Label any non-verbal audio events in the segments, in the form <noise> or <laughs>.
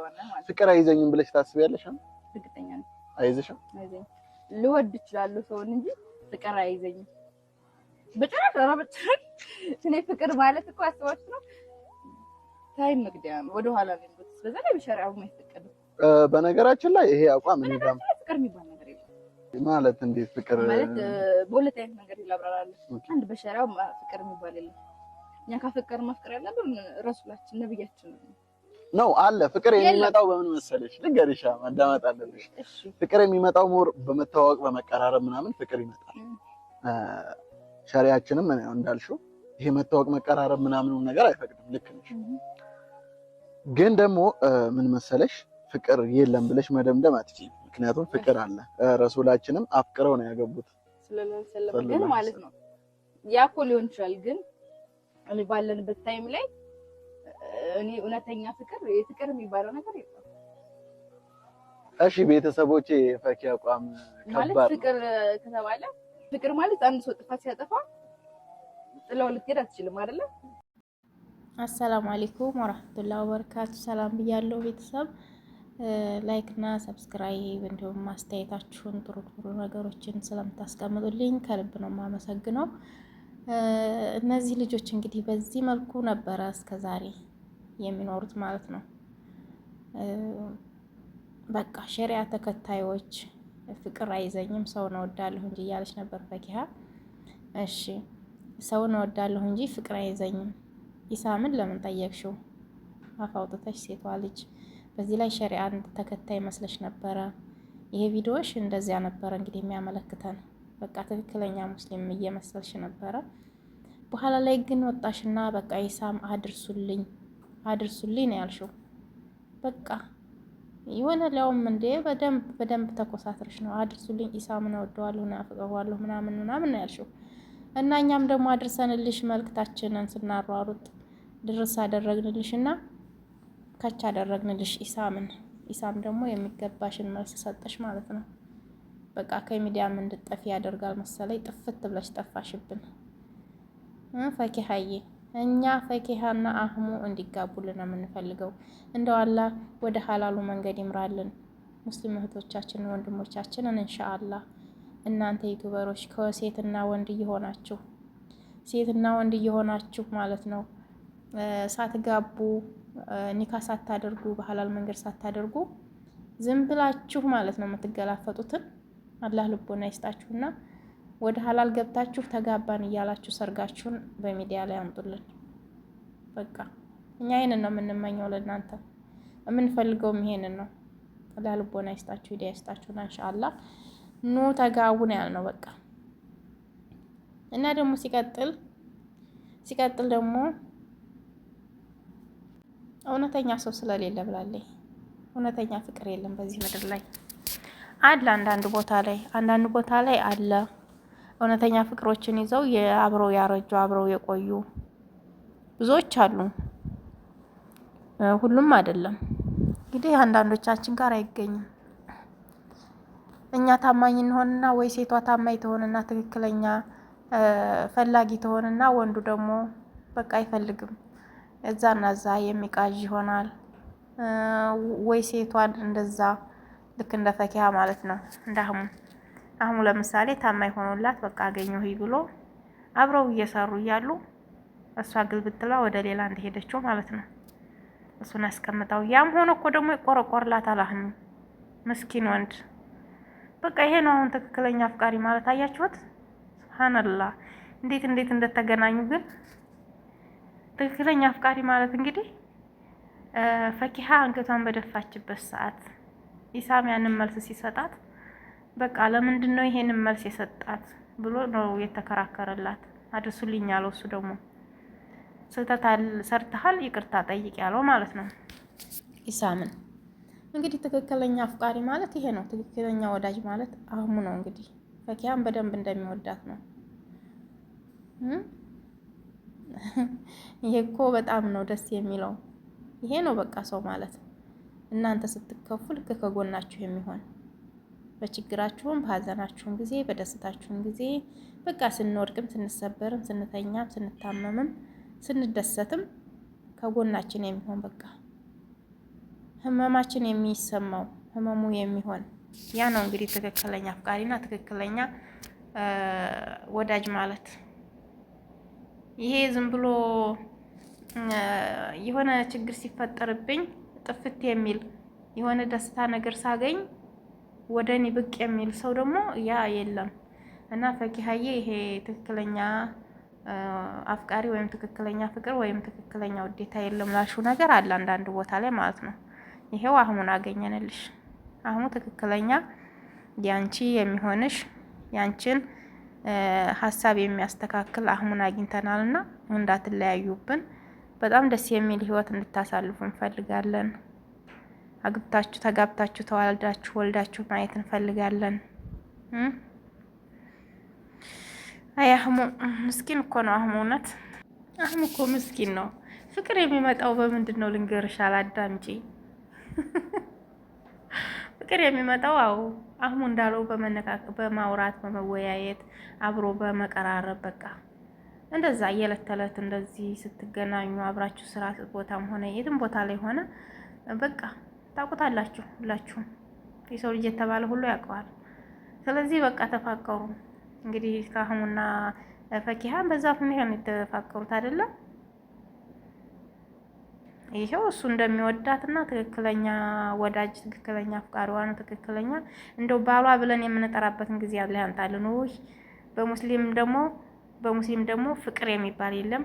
እንደሆነ ማለት ፍቅር አይዘኝም ብለሽ ታስቢያለሽ? እርግጠኛ ነኝ። አይዘሽም? አይዘኝ ልወድ እችላለሁ ሰውን እንጂ ፍቅር አይዘኝም በጭራሽ። ኧረ በጭራሽ። እኔ ፍቅር ማለት እኮ አስባችሁ ነው ታይም መግደያ ነው፣ ወደ ኋላ ነው። በዛ ላይ በሸሪዓው የማይፈቀድ በነገራችን ላይ ይሄ አቋም እኔ ጋር ፍቅር የሚባል ነገር የለም ማለት እንዴት ፍቅር ማለት በሁለት አይነት ነገር ይላብራራል። አንድ በሸሪዓው ፍቅር የሚባል የለም። እኛ ካፈቀር ማፍቀር ያለብን ረሱላችን ነብያችን ነው። ነው አለ ፍቅር የሚመጣው በምን መሰለሽ? ልንገርሻ ማዳመጥ አለብሽ። ፍቅር የሚመጣው ሞር በመተዋወቅ በመቀራረብ ምናምን ፍቅር ይመጣል። ሸሪያችንም እንዳልሽው ይሄ መተዋወቅ መቀራረብ ምናምን ነገር አይፈቅድም። ልክ ነሽ። ግን ደግሞ ምን መሰለሽ ፍቅር የለም ብለሽ መደምደም አትችይም። ምክንያቱም ፍቅር አለ። ረሱላችንም አፍቅረው ነው ያገቡት ስለላሰለም ማለት ነው። ያ ሊሆን ይችላል። ግን ባለንበት ታይም ላይ እኔ እውነተኛ ፍቅር ፍቅር የሚባለው ነገር የለም። እሺ ቤተሰቦቼ የፈኪ አቋም ማለት ፍቅር ከተባለ ፍቅር ማለት አንድ ሰው ጥፋት ሲያጠፋ ጥለው ልትሄድ አትችልም አይደለም። አሰላሙ አለይኩም ወራህመቱላሂ ወበረካቱ። ሰላም ብያለሁ ቤተሰብ። ላይክ እና ሰብስክራይብ እንዲሁም ማስተያየታችሁን ጥሩ ጥሩ ነገሮችን ስለምታስቀምጡልኝ ከልብ ነው የማመሰግነው። እነዚህ ልጆች እንግዲህ በዚህ መልኩ ነበረ እስከ ዛሬ የሚኖሩት ማለት ነው። በቃ ሸሪያ ተከታዮች ፍቅር አይዘኝም ሰውን እወዳለሁ እንጂ እያለች ነበር ፈኪሀ። እሺ ሰውን እወዳለሁ እንጂ ፍቅር አይዘኝም ኢሳምን ለምን ጠየቅሽው? አፋውጥተሽ ሴቷ ልጅ በዚህ ላይ ሸሪአን ተከታይ መስለሽ ነበረ። ይሄ ቪዲዮሽ እንደዚያ ነበረ እንግዲህ የሚያመለክተን በቃ ትክክለኛ ሙስሊም እየመሰልሽ ነበረ። በኋላ ላይ ግን ወጣሽና በቃ ኢሳም አድርሱልኝ አድርሱልኝ ነው ያልሽው። በቃ የሆነ ለውም እንዴ በደንብ በደንብ ተኮሳትረሽ ነው አድርሱልኝ፣ ኢሳምን ወደዋለሁ ናፍቀዋለሁ ምናምን ምናምን ነው ያልሽው እና እኛም ደግሞ አድርሰንልሽ መልክታችንን ስናሯሩጥ ድርስ አደረግንልሽ እና ከች አደረግንልሽ ኢሳምን። ኢሳም ደግሞ የሚገባሽን መልስ ሰጠሽ ማለት ነው። በቃ ከሚዲያም እንድጠፊ ያደርጋል መሰለኝ። ጥፍት ብለሽ ጠፋሽብን ፈኪ ሀዬ እኛ ፈኪሃና አህሙ እንዲጋቡልን የምንፈልገው እንደው አላህ ወደ ሀላሉ መንገድ ይምራልን። ሙስሊም እህቶቻችንን ወንድሞቻችንን እንሻአላህ እናንተ ዩቱበሮች ከሴትና ወንድ እየሆናችሁ ሴትና ወንድ እየሆናችሁ ማለት ነው ሳትጋቡ ኒካ ሳታደርጉ በሀላል መንገድ ሳታደርጉ ዝም ብላችሁ ማለት ነው የምትገላፈጡትን አላህ ልቦና ይስጣችሁና ወደ ሀላል ገብታችሁ ተጋባን እያላችሁ ሰርጋችሁን በሚዲያ ላይ አምጡልን። በቃ እኛ ይህንን ነው የምንመኘው ለእናንተ የምንፈልገውም ይሄንን ነው። ለልቦና ይስጣችሁ፣ ሂዳ ይስጣችሁና እንሻላ ኑ ተጋቡን ያል ነው በቃ እና ደግሞ ሲቀጥል ሲቀጥል ደግሞ እውነተኛ ሰው ስለሌለ ብላለች። እውነተኛ ፍቅር የለም በዚህ ምድር ላይ አለ። አንዳንድ ቦታ ላይ አንዳንድ ቦታ ላይ አለ እውነተኛ ፍቅሮችን ይዘው አብረው ያረጁ አብረው የቆዩ ብዙዎች አሉ። ሁሉም አይደለም እንግዲህ አንዳንዶቻችን ጋር አይገኝም። እኛ ታማኝ እንሆንና ወይ ሴቷ ታማኝ ትሆንና ትክክለኛ ፈላጊ ትሆንና ወንዱ ደግሞ በቃ አይፈልግም እዛና እዛ የሚቃዥ ይሆናል። ወይ ሴቷን እንደዛ ልክ እንደ ፈኪያ ማለት ነው እንዳህሙ አህሙ ለምሳሌ ታማኝ ሆኖላት በቃ አገኘሁ ብሎ አብረው እየሰሩ እያሉ እሷ ግልብትላ ወደ ሌላ እንደሄደችው ማለት ነው። እሱን አስቀምጣው። ያም ሆኖ እኮ ደግሞ ይቆረቆርላታል አህሙ ምስኪን ወንድ። በቃ ይሄ ነው አሁን ትክክለኛ አፍቃሪ ማለት አያችሁት? ሱብሃነላህ እንዴት እንዴት እንደተገናኙ ግን ትክክለኛ አፍቃሪ ማለት እንግዲህ ፈኪሃ አንገቷን በደፋችበት ሰዓት ኢሳም ያንን መልስ ሲሰጣት በቃ ለምንድን ነው ይሄንን መልስ የሰጣት ብሎ ነው የተከራከረላት። አድርሱልኝ ያለው እሱ ደግሞ ስህተት ሰርተሃል ይቅርታ ጠይቅ ያለው ማለት ነው ኢሳምን። እንግዲህ ትክክለኛ አፍቃሪ ማለት ይሄ ነው። ትክክለኛ ወዳጅ ማለት አህሙ ነው። እንግዲህ ፈኪያን በደንብ እንደሚወዳት ነው። ይሄ እኮ በጣም ነው ደስ የሚለው። ይሄ ነው በቃ ሰው ማለት እናንተ ስትከፉ ልክ ከጎናችሁ የሚሆን በችግራችሁም በሀዘናችሁም ጊዜ በደስታችሁም ጊዜ በቃ ስንወድቅም ስንሰበርም ስንተኛም ስንታመምም ስንደሰትም ከጎናችን የሚሆን በቃ ህመማችን የሚሰማው ህመሙ የሚሆን ያ ነው እንግዲህ ትክክለኛ አፍቃሪና ትክክለኛ ወዳጅ ማለት። ይሄ ዝም ብሎ የሆነ ችግር ሲፈጠርብኝ ጥፍት የሚል የሆነ ደስታ ነገር ሳገኝ ወደ እኔ ብቅ የሚል ሰው ደግሞ ያ የለም እና ፈኪሀዬ ይሄ ትክክለኛ አፍቃሪ ወይም ትክክለኛ ፍቅር ወይም ትክክለኛ ውዴታ የለም ላልሽው ነገር አለ አንዳንድ ቦታ ላይ ማለት ነው። ይሄው አህሙን አገኘንልሽ። አህሙ ትክክለኛ ያንቺ የሚሆንሽ ያንቺን ሀሳብ የሚያስተካክል አህሙን አግኝተናል እና እንዳትለያዩብን በጣም ደስ የሚል ህይወት እንድታሳልፉ እንፈልጋለን። አግብታችሁ ተጋብታችሁ ተዋልዳችሁ ወልዳችሁ ማየት እንፈልጋለን። አይ አህሙ ምስኪን እኮ ነው። አህሙ እውነት አህሙ እኮ ምስኪን ነው። ፍቅር የሚመጣው በምንድን ነው ልንገርሽ፣ አላዳምጪ። <laughs> ፍቅር የሚመጣው አው አህሙ እንዳለው በማውራት በመወያየት አብሮ በመቀራረብ በቃ እንደዛ የዕለት ተዕለት እንደዚህ ስትገናኙ አብራችሁ ስራ ቦታም ሆነ የትም ቦታ ላይ ሆነ በቃ ታውቁታላችሁ ሁላችሁም። የሰው ልጅ የተባለ ሁሉ ያውቀዋል። ስለዚህ በቃ ተፋቀሩ። እንግዲህ ካህሙና ፈኪሃን በዛ ሁኔታ የተፋቀሩት አይደለም። ይሄው እሱ እንደሚወዳትና ትክክለኛ ወዳጅ፣ ትክክለኛ አፍቃሪዋ ነው። ትክክለኛ እንደው ባሏ ብለን የምንጠራበትን ጊዜ ያለ ያምጣልን። ውይ በሙስሊም ደግሞ በሙስሊም ደግሞ ፍቅር የሚባል የለም።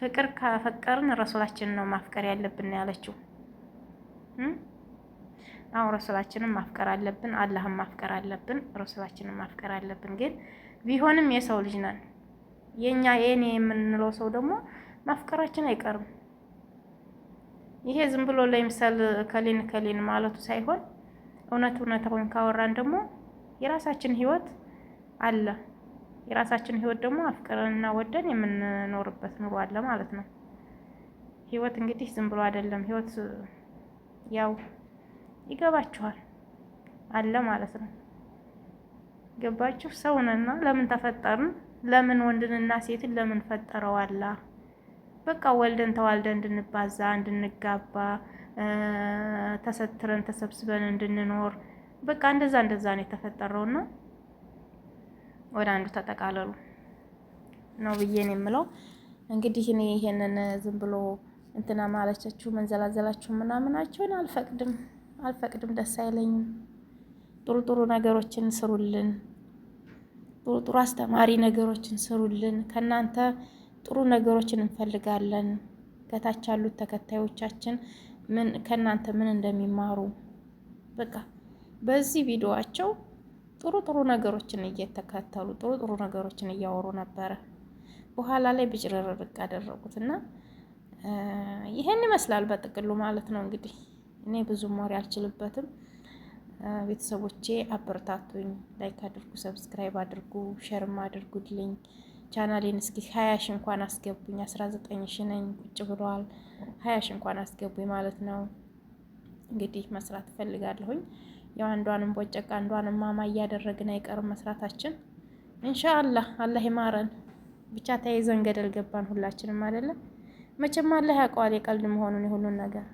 ፍቅር ካፈቀርን ረሱላችን ነው ማፍቀር ያለብን ያለችው አዎ ረሱላችንን ማፍቀር አለብን፣ አላህን ማፍቀር አለብን፣ ረሱላችንን ማፍቀር አለብን። ግን ቢሆንም የሰው ልጅ ነን። የእኛ የእኔ የምንለው ሰው ደግሞ ማፍቀራችን አይቀርም። ይሄ ዝም ብሎ ለምሳል ከሌን ከሌን ማለቱ ሳይሆን እውነት እውነታውን ካወራን ደግሞ የራሳችን ህይወት አለ። የራሳችን ህይወት ደግሞ አፍቅረንና ወደን የምንኖርበት ኑሮ አለ ማለት ነው። ህይወት እንግዲህ ዝም ብሎ አይደለም። ህይወት ያው ይገባችኋል አለ ማለት ነው። ገባችሁ? ሰውንና ለምን ተፈጠርን? ለምን ወንድንና ሴትን ለምን ፈጠረው? አላ በቃ ወልደን ተዋልደን እንድንባዛ፣ እንድንጋባ፣ ተሰትረን ተሰብስበን እንድንኖር በቃ እንደዛ እንደዛ ነው የተፈጠረውና ወደ አንዱ ተጠቃለሉ ነው ብዬ የምለው። እንግዲህ እኔ ይሄንን ዝም ብሎ እንትና ማለቻችሁ መንዘላዘላችሁ ምናምናችሁን አልፈቅድም። አልፈቅድም፣ ደስ አይለኝም። ጥሩ ጥሩ ነገሮችን ስሩልን፣ ጥሩ ጥሩ አስተማሪ ነገሮችን ስሩልን። ከእናንተ ጥሩ ነገሮችን እንፈልጋለን። ከታች ያሉት ተከታዮቻችን ምን ከእናንተ ምን እንደሚማሩ በቃ በዚህ ቪዲዮዋቸው ጥሩ ጥሩ ነገሮችን እየተከተሉ ጥሩ ጥሩ ነገሮችን እያወሩ ነበረ። በኋላ ላይ ብጭርርቅ አደረጉት እና ይህን ይመስላል በጥቅሉ ማለት ነው እንግዲህ እኔ ብዙ ሞሪ አልችልበትም። ቤተሰቦቼ አበረታቱኝ፣ ላይክ አድርጉ፣ ሰብስክራይብ አድርጉ፣ ሸርም አድርጉልኝ። ቻናሌን እስኪ ሀያ ሺ እንኳን አስገቡኝ። አስራ ዘጠኝ ሺ ነኝ ቁጭ ብለዋል። ሀያ ሺ እንኳን አስገቡኝ ማለት ነው። እንግዲህ መስራት እፈልጋለሁኝ። ያው አንዷንም ቦጨቅ አንዷንም ማማ እያደረግን አይቀርም መስራታችን ኢንሻአላህ። አላህ ይማረን። ብቻ ተያይዘን ገደል ገባን ሁላችንም አይደለም። መቼም አላህ ያውቀዋል የቀልድ መሆኑን የሁሉን ነገር